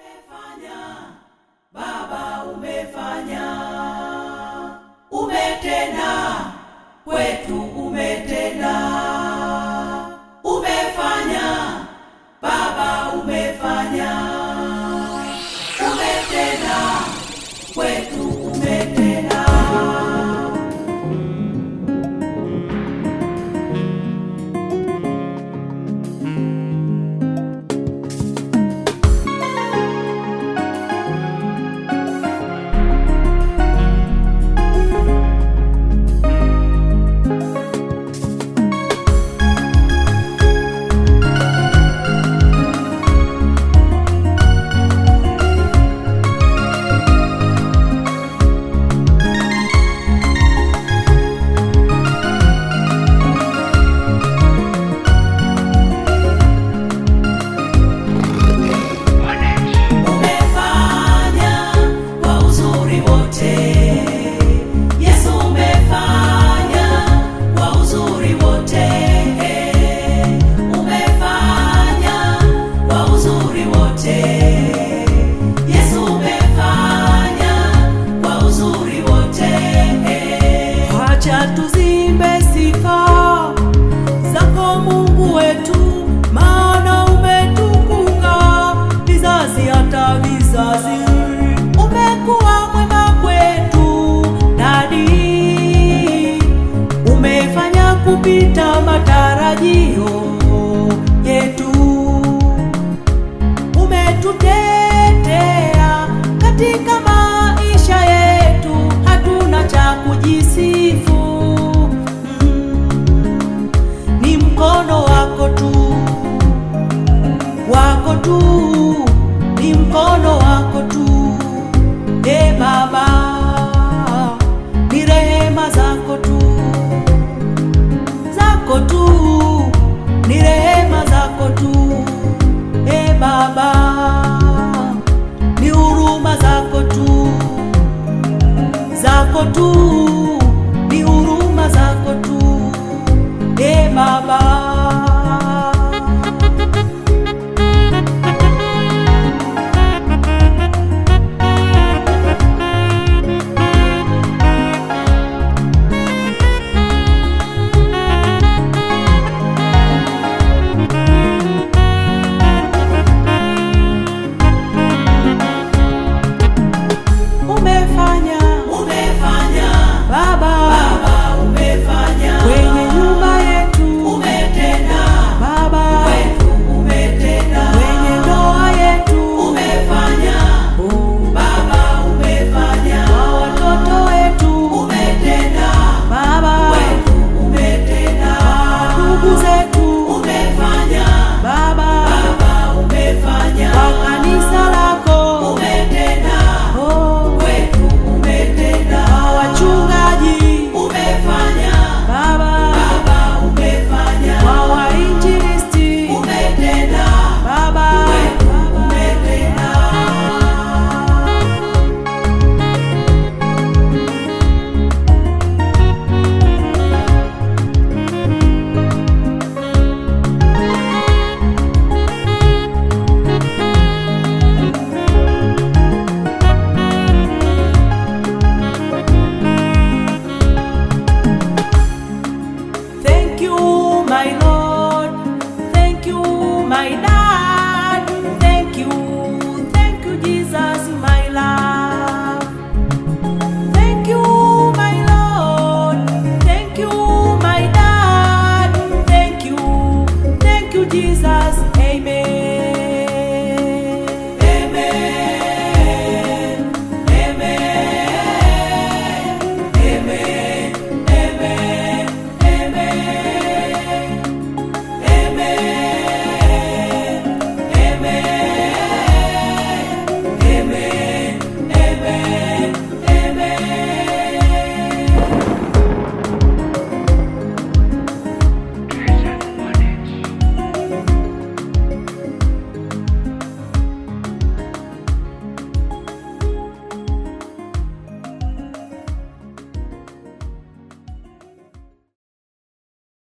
Umefanya Baba, umefanya na tuzimbe sifa zako Mungu wetu, maana umetukuka vizazi hata vizazi. Umekuwa mwema kwetu nani umefanya kupita matarajio tu, ni mkono wako tu, e Baba, ni rehema zako tu, zako tu, ni rehema zako tu, e Baba, ni huruma zako tu, zako tu, ni huruma zako tu, e Baba